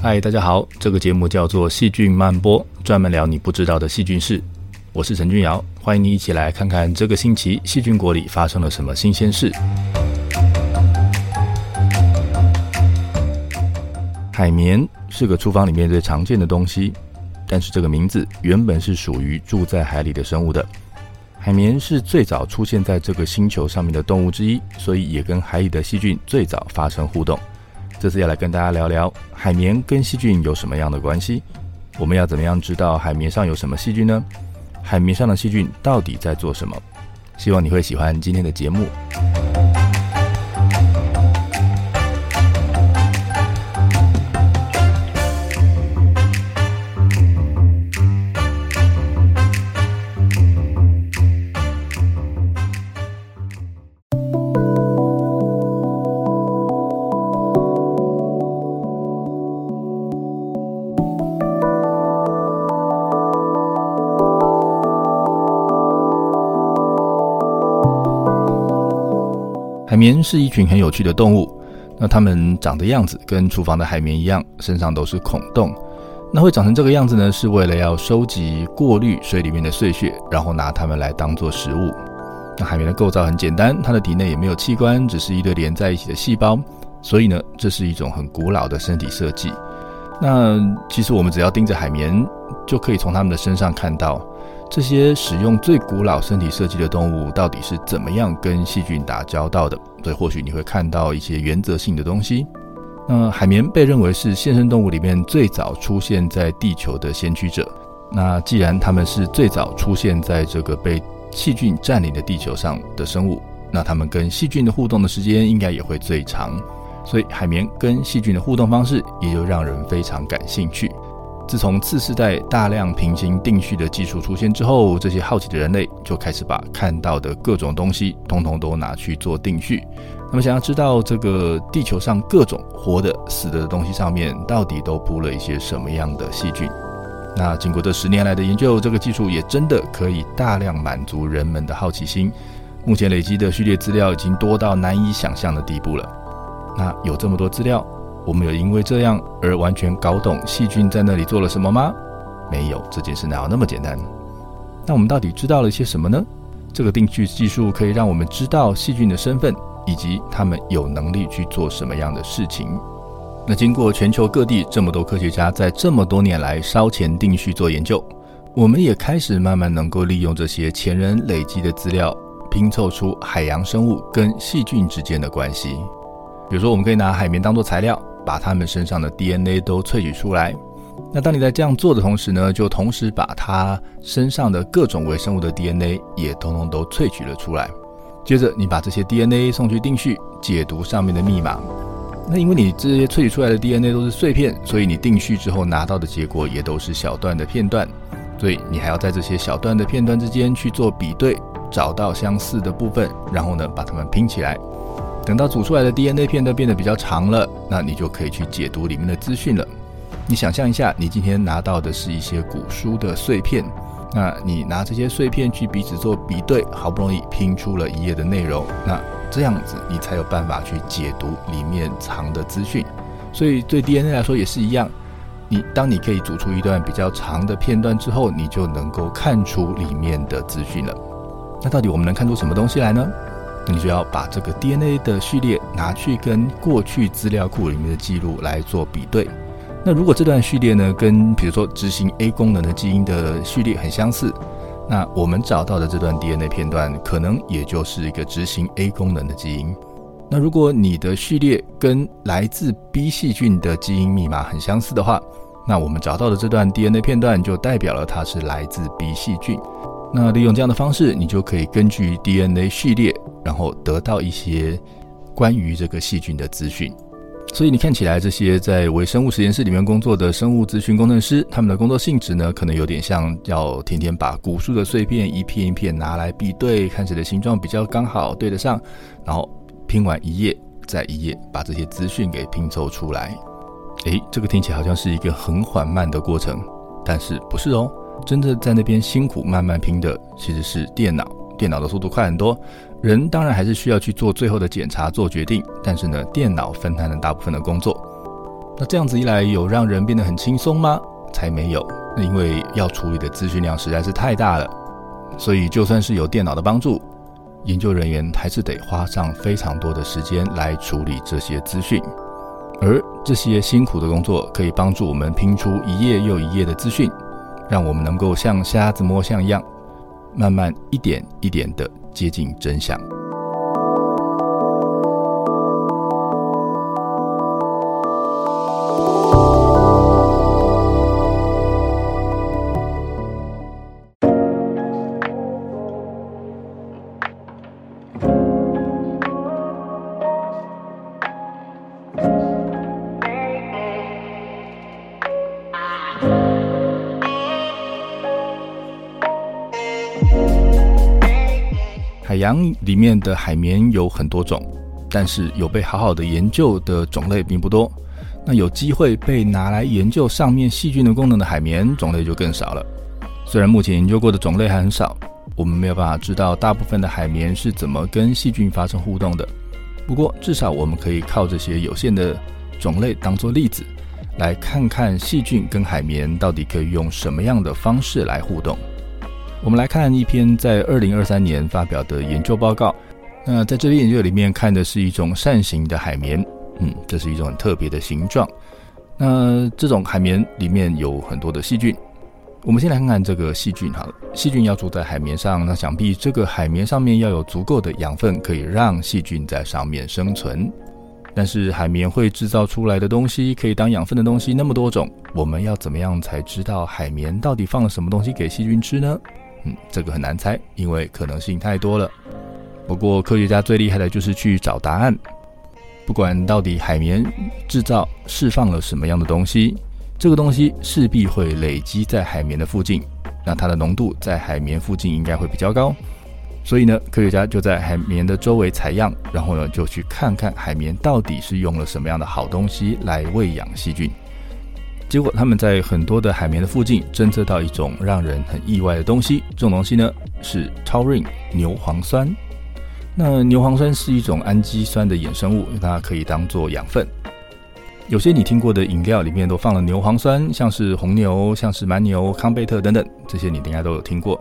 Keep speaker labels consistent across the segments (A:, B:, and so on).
A: 嗨，大家好！這個節目叫做《細菌曼波》，專門聊你不知道的細菌事。我是陳俊堯，歡迎你一起來看看這個星期細菌國裡發生了什麼新鮮事。海綿是個廚房裡面最常見的東西，但是這個名字原本是屬於住在海裡的生物的。海綿是最早出現在這個星球上面的動物之一，所以也跟海裡的細菌最早發生互動。這次要來跟大家聊聊海綿跟細菌有什麼樣的關係？我們要怎麼樣知道海綿上有什麼細菌呢？海綿上的細菌到底在做什麼？希望你會喜歡今天的節目。海綿是一群很有趣的動物，那它們長的樣子跟廚房的海綿一樣，身上都是孔洞。那會長成這個樣子呢，是為了要收集、過濾水裡面的碎屑，然後拿它們來當作食物。那海綿的構造很簡單，它的體內也沒有器官，只是一堆連在一起的細胞。所以呢，這是一種很古老的身體設計。那其實我們只要盯着海綿，就可以從他們的身上看到這些使用最古老身體設計的動物到底是怎麼樣跟細菌打交道的。所以或許你會看到一些原則性的東西。那海綿被認為是現生動物裡面最早出現在地球的先驅者。那既然他們是最早出現在這個被細菌佔領的地球上的生物，那他們跟細菌的互動的時間應該也會最長。所以，海綿跟細菌的互動方式也就讓人非常感興趣。自從次世代大量平行定序的技術出現之後，這些好奇的人類就開始把看到的各種東西，通通都拿去做定序。那麼，想要知道這個地球上各種活的、死的的東西上面到底都鋪了一些什麼樣的細菌。那經過這十年來的研究，這個技術也真的可以大量滿足人們的好奇心。目前累積的序列資料已經多到難以想象的地步了。那有這麼多資料，我們有因為這樣而完全搞懂細菌在那裡做了什麼嗎？沒有，這件事哪有那麼簡單？那我們到底知道了一些什麼呢？這個定序技術可以讓我們知道細菌的身份，以及他們有能力去做什麼樣的事情。那經過全球各地這麼多科學家在這麼多年來燒錢定序做研究，我們也開始慢慢能夠利用這些前人累積的資料，拼湊出海洋生物跟細菌之間的關係。比如說，我們可以拿海綿當做材料，把它們身上的 DNA 都萃取出來。那當你在這樣做的同時呢，就同時把它身上的各種微生物的 DNA 也通通都萃取了出來。接着，你把這些 DNA 送去定序，解讀上面的密碼。那因為你這些萃取出來的 DNA 都是碎片，所以你定序之後拿到的結果也都是小段的片段。所以你還要在這些小段的片段之間去做比對，找到相似的部分，然後呢，把它們拼起來。等到組出來的 DNA 片段變得比較長了，那你就可以去解讀裡面的資訊了。你想象一下，你今天拿到的是一些古書的碎片，那你拿這些碎片去彼此做比對，好不容易拼出了一頁的內容，那這樣子你才有辦法去解讀裡面藏的資訊。所以對 DNA 來說也是一樣，你當你可以組出一段比較長的片段之後，你就能夠看出裡面的資訊了。那到底我們能看出什麼東西來呢？你就要把這個 DNA 的序列拿去跟過去資料庫裡面的記錄來做比對。那如果這段序列呢，跟比如說執行 A 功能的基因的序列很相似，那我們找到的這段 DNA 片段可能也就是一個執行 A 功能的基因。那如果你的序列跟來自 B 細菌的基因密碼很相似的話，那我們找到的這段 DNA 片段就代表了它是來自 B 細菌。那利用這樣的方式，你就可以根據 DNA 序列，然後得到一些關於這個細菌的資訊。所以你看起來，這些在微生物實驗室裡面工作的生物資訊工程師，他們的工作性質呢，可能有點像要天天把古書的碎片一片一片拿來比對，看誰的形狀比較剛好對得上，然後拼完一頁再一頁，把這些資訊給拼湊出來。哎，誒，這個聽起來好像是一個很緩慢的過程，但是不是哦。真正在那邊辛苦慢慢拼的其實是電腦，電腦的速度快很多。人當然還是需要去做最後的檢查、做決定，但是呢，電腦分擔了大部分的工作。那這樣子一來，有讓人變得很輕鬆嗎？才沒有，那因為要處理的資訊量實在是太大了。所以就算是有電腦的幫助，研究人員還是得花上非常多的時間來處理這些資訊。而這些辛苦的工作，可以幫助我們拼出一頁又一頁的資訊。讓我們能夠像瞎子摸象一樣，慢慢一點一點地接近真相。海洋裡面的海綿有很多種，但是有被好好的研究的種類並不多。那有機會被拿來研究上面細菌的功能的海綿種類就更少了。雖然目前研究過的種類還很少，我們沒有辦法知道大部分的海綿是怎麼跟細菌發生互動的。不過至少我們可以靠這些有限的種類當做例子，來看看細菌跟海綿到底可以用什麼樣的方式來互動。我們來看一篇在二零二三年發表的研究報告。那在這篇研究裡面看的是一種扇形的海綿，嗯，這是一種很特別的形狀。那這種海綿裡面有很多的細菌。我們先來看看這個細菌好了。細菌要住在海綿上，那想必這個海綿上面要有足夠的養分，可以讓細菌在上面生存。但是海綿會製造出來的東西，可以當養分的東西那麼多種，我們要怎麼樣才知道海綿到底放了什麼東西給細菌吃呢？嗯，這個很難猜，因為可能性太多了。不過科學家最厲害的就是去找答案，不管到底海綿製造、釋放了什麼樣的東西，這個東西勢必會累積在海綿的附近，那它的濃度在海綿附近應該會比較高。所以呢，科學家就在海綿的周圍採樣，然後呢就去看看海綿到底是用了什麼樣的好東西來餵養細菌。結果他們在很多的海綿的附近偵測到一種讓人很意外的東西，這種東西呢是超潤牛磺酸。那牛磺酸是一種氨基酸的衍生物，它可以當做養分。有些你聽過的飲料裡面都放了牛磺酸，像是紅牛、像是蠻牛、康貝特等等，這些你應該都有聽過。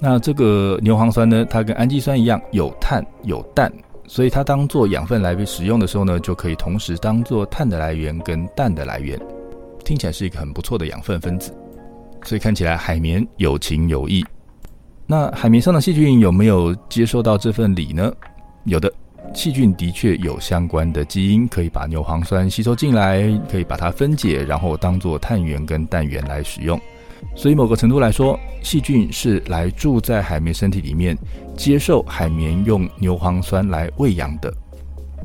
A: 那這個牛磺酸呢，它跟氨基酸一樣，有碳有氮，所以它當做養分來被使用的時候呢，就可以同時當做碳的來源跟氮的來源。聽起來是一個很不錯的養分分子，所以看起來海綿有情有義。那海綿上的細菌有沒有接受到這份禮呢？有的，細菌的確有相關的基因，可以把牛磺酸吸收進來，可以把它分解，然後當做碳源跟氮源來使用。所以某個程度來說，細菌是來住在海綿身體裡面，接受海綿用牛磺酸來餵養的。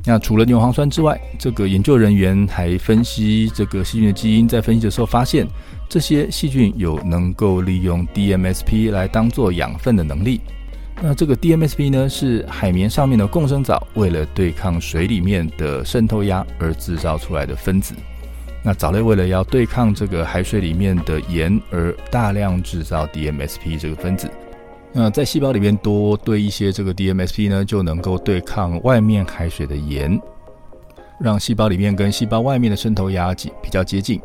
A: 那除了牛磺酸之外，這個研究人員還分析這個細菌的基因，在分析的時候發現，這些細菌有能夠利用 DMSP 來當做養分的能力。那這個 DMSP 呢，是海綿上面的共生藻為了對抗水裡面的滲透壓而製造出來的分子。那藻類為了要對抗這個海水裡面的鹽而大量製造 DMSP 這個分子。那在細胞裡面多堆一些這個 DMSP 呢，就能夠對抗外面海水的鹽，讓細胞裡面跟細胞外面的滲透壓比較接近。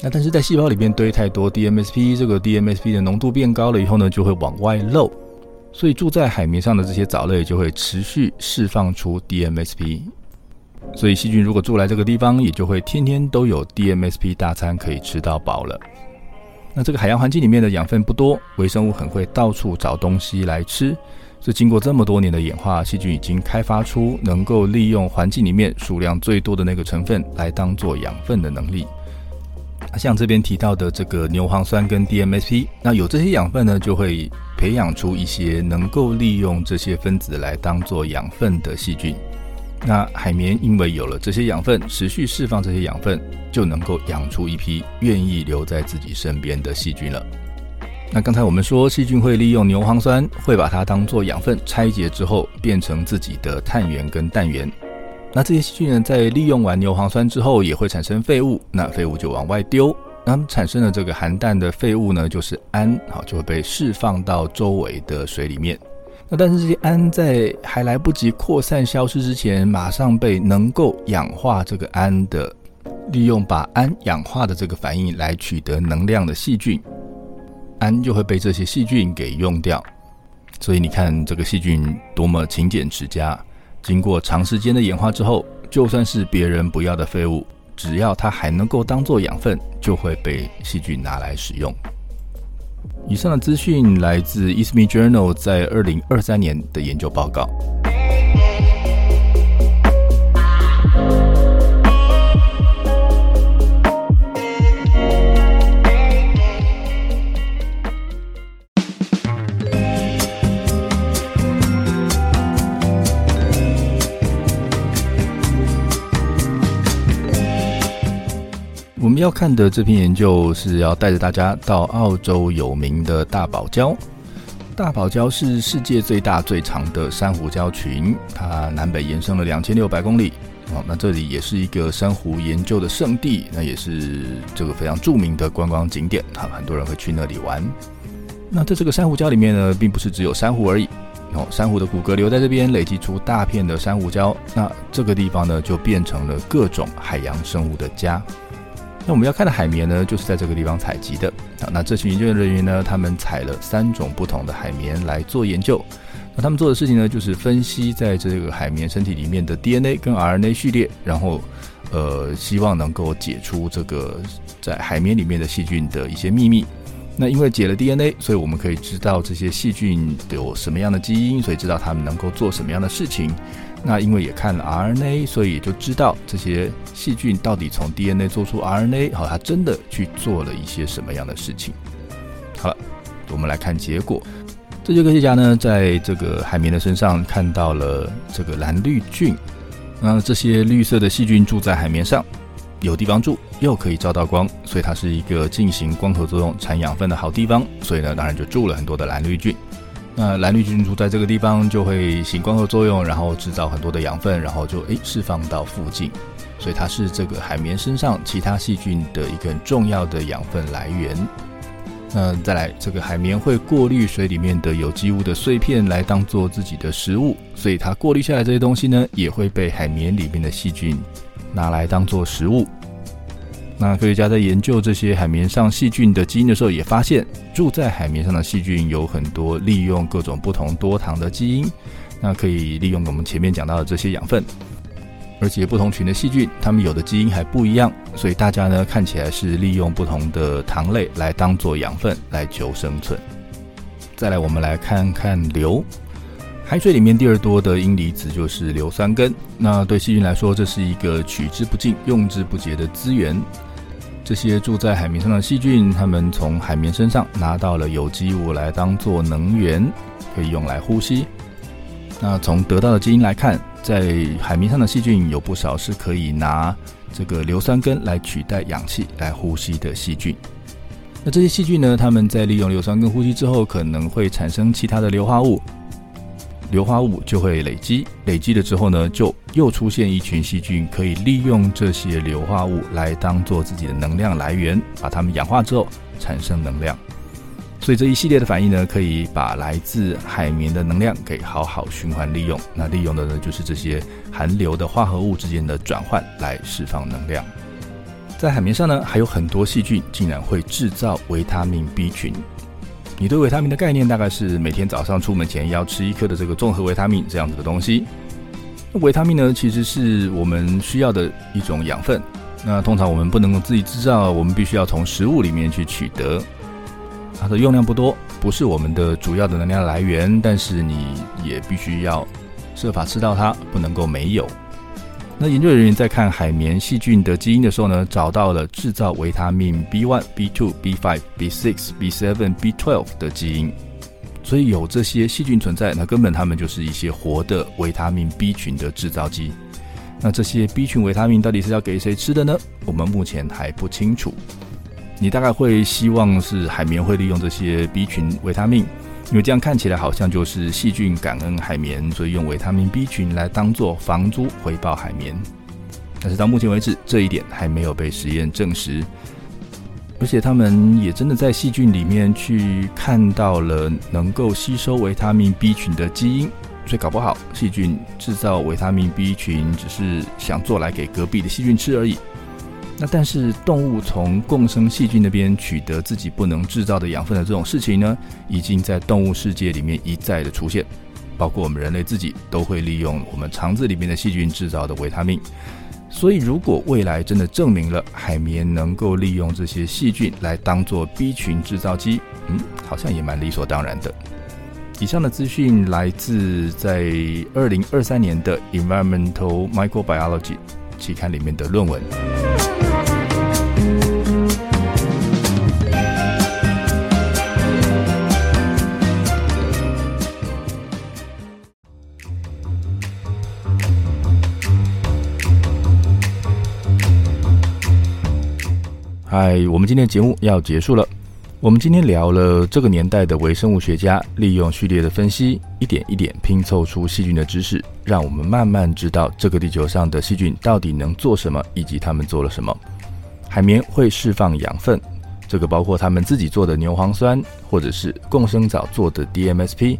A: 那但是在細胞裡面堆太多 DMSP，這個 DMSP 的濃度變高了以後呢，就會往外漏，所以住在海綿上的這些藻類就會持續釋放出 DMSP，所以細菌如果住來這個地方，也就會天天都有 DMSP 大餐可以吃到飽了。那這個海洋環境裡面的養分不多，微生物很會到處找東西來吃。所以經過這麼多年的演化，細菌已經開發出能夠利用環境裡面數量最多的那個成分來當做養分的能力。像這邊提到的這個牛磺酸跟 DMSP，那有這些養分呢，就會培養出一些能夠利用這些分子來當做養分的細菌。那海綿因為有了這些養分，持續釋放這些養分，就能夠養出一批願意留在自己身邊的細菌了。那剛才我們說，細菌會利用牛磺酸，會把它當做養分，拆解之後變成自己的碳源跟氮源。那這些細菌呢，在利用完牛磺酸之後，也會產生廢物，那廢物就往外丟。那產生的這個含氮的廢物呢，就是氨，好，就會被釋放到周圍的水裡面。那但是這些氨在還來不及擴散消失之前，馬上被能夠氧化這個氨的利用把氨氧化的這個反應來取得能量的細菌，氨就會被這些細菌給用掉。所以你看這個細菌多麼勤儉持家。經過長時間的演化之後，就算是別人不要的廢物，只要它還能夠當做養分，就會被細菌拿來使用。以上的資訊來自 ISME Journal 在二零二三年的研究報告。要看的這篇研究是要帶着大家到澳洲有名的大堡礁。大堡礁是世界最大最長的珊瑚礁群，它南北延伸了兩千六百公里。哦，那這裡也是一個珊瑚研究的聖地，那也是這個非常著名的觀光景點。哈，很多人會去那裡玩。那在這個珊瑚礁裡面呢，並不是只有珊瑚而已。哦，珊瑚的骨骼留在這邊，累積出大片的珊瑚礁。那這個地方呢，就變成了各種海洋生物的家。那我們要看的海綿呢，就是在這個地方採集的。好，那這群研究人員呢，他們採了三種不同的海綿來做研究。那他們做的事情呢，就是分析在這個海綿身體裡面的 DNA 跟 RNA 序列，然後，呃，希望能夠解出這個在海綿裡面的細菌的一些秘密。那因為解了 DNA，所以我們可以知道這些細菌有什麼樣的基因，所以知道它們能夠做什麼樣的事情。那因為也看了 RNA，所以也就知道這些細菌到底從 DNA 做出 RNA，好，它真的去做了一些什麼樣的事情。好了，我們來看結果。這些科學家呢，在這個海綿的身上看到了這個藍綠菌。那這些綠色的細菌住在海綿上，有地方住，又可以照到光，所以它是一個進行光合作用產養分的好地方。所以呢，當然就住了很多的藍綠菌。那藍綠菌住在這個地方就會進行光合作用，然後製造很多的養分，然後就誒釋、欸、放到附近，所以它是這個海綿身上其他細菌的一個很重要的養分來源。那再來，這個海綿會過濾水裡面的有機物的碎片來當做自己的食物，所以它過濾下來這些東西呢，也會被海綿裡面的細菌拿來當做食物。那科學家在研究這些海綿上細菌的基因的時候，也發現住在海綿上的細菌有很多利用各種不同多糖的基因，那可以利用我們前面講到的這些養分，而且不同群的細菌，它們有的基因還不一樣，所以大家呢看起來是利用不同的糖類來當做養分來求生存。再來，我們來看看硫，海水裡面第二多的陰離子就是硫酸根，那對細菌來說，這是一個取之不盡、用之不竭的資源。這些住在海綿上的細菌，它們從海綿身上拿到了有機物來當做能源，可以用來呼吸。那從得到的基因來看，在海綿上的細菌有不少是可以拿這個硫酸根來取代氧氣來呼吸的細菌。那這些細菌呢，它們在利用硫酸根呼吸之後，可能會產生其他的硫化物。硫化物就會累積，累積了之後呢，就又出現一群細菌，可以利用這些硫化物來當做自己的能量來源，把它們氧化之後產生能量。所以這一系列的反應呢，可以把來自海綿的能量給好好循環利用。那利用的呢，就是這些含硫的化合物之間的轉換來釋放能量。在海綿上呢，還有很多細菌竟然會製造維他命 B 群。你對維他命的概念，大概是每天早上出門前要吃一顆的這個綜合維他命這樣子的東西。維他命呢，其實是我們需要的一種養分。那通常我們不能夠自己制造，我們必須要從食物裡面去取得。它的用量不多，不是我們的主要的能量來源，但是你也必須要設法吃到它，不能夠沒有。那研究人員在看海綿細菌的基因的時候呢，找到了製造維他命 B one、B two、B five、B six、B seven、B twelve 的基因，所以有這些細菌存在，那根本它們就是一些活的維他命 B 群的製造機。那這些 B 群維他命到底是要給誰吃的呢？我們目前還不清楚。你大概會希望是海綿會利用這些 B 群維他命？因為這樣看起來好像就是細菌感恩海綿，所以用維他命 B 群來當做房租回報海綿。但是到目前為止，這一點還沒有被實驗證實。而且他們也真的在細菌裡面去看到了能夠吸收維他命 B 群的基因，所以搞不好細菌製造維他命 B 群只是想做來給隔壁的細菌吃而已。那但是動物從共生細菌那邊取得自己不能制造的養分的這種事情呢，已經在動物世界裡面一再的出現，包括我們人類自己都會利用我們腸子裡面的細菌制造的維他命。所以如果未來真的證明了海綿能夠利用這些細菌來當做 B 群制造機，嗯，好像也蠻理所當然的。以上的資訊來自在二零二三年的 Environmental Microbiology 期刊裡面的論文。嗨，我們今天的節目要結束了。我們今天聊了這個年代的微生物學家利用序列的分析，一點一點拼湊出細菌的知識，讓我們慢慢知道這個地球上的細菌到底能做什麼，以及他們做了什麼。海綿會釋放養分，這個包括他們自己做的牛磺酸，或者是共生藻做的 DMSP。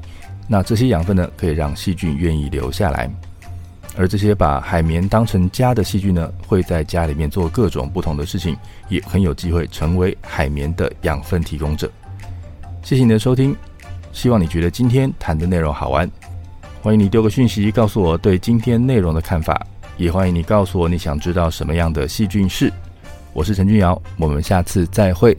A: 那這些養分呢，可以讓細菌願意留下來。而這些把海綿當成家的細菌呢，會在家裡面做各種不同的事情，也很有機會成為海綿的養分提供者。謝謝你的收聽，希望你覺得今天談的內容好玩。歡迎你丟個訊息告訴我對今天內容的看法，也歡迎你告訴我你想知道什麼樣的細菌是。我是陳俊堯，我們下次再會。